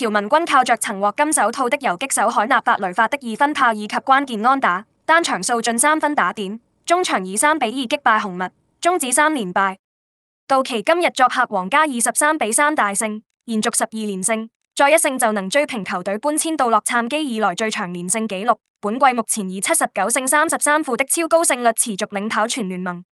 條紋軍靠着曾獲金手套的游擊手基納法雷法的二分炮以及關鍵安打，單場掃進三分打點，中場以三比二擊敗紅襪，終止三連敗。道奇今日作客皇家二十三比三大勝，延續十二連勝，再一勝就能追平球隊搬遷到洛杉磯以來最長連勝紀錄。本季目前以七十九勝三十三負的超高勝率持續領跑全聯盟。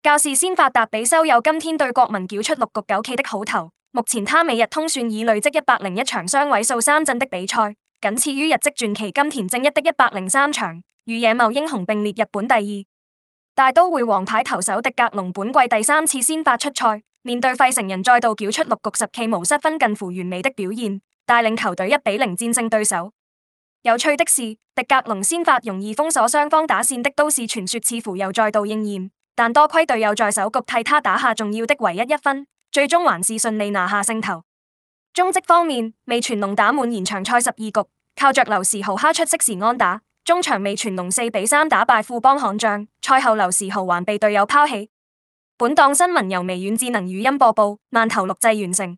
教士先發達比修有今天對國民繳出六局九起的好投。目前他每日通算已累積一百零一場雙位數三振的比賽，僅次於日籍傳奇金田正一的一百零三場，與野茂英雄並列日本第二。大都會王牌投手迪格隆本季第三次先發出賽，面對費城人再度繳出六局十記無失分近乎完美的表現，帶領球隊一比零戰勝對手。有趣的是，迪格隆先發容易封鎖雙方打線的都市傳說似乎又再度應驗，但多虧隊友在首局替他打下重要的唯一一分。最終還是順利拿下勝投。中職方面，味全龍打滿延長賽十二局，靠着劉時豪哈出色時安打，終場味全龍四比三打敗富邦悍將。賽後劉時豪還被隊友拋起。本檔新聞由微軟智能語音播報，慢頭錄製完成。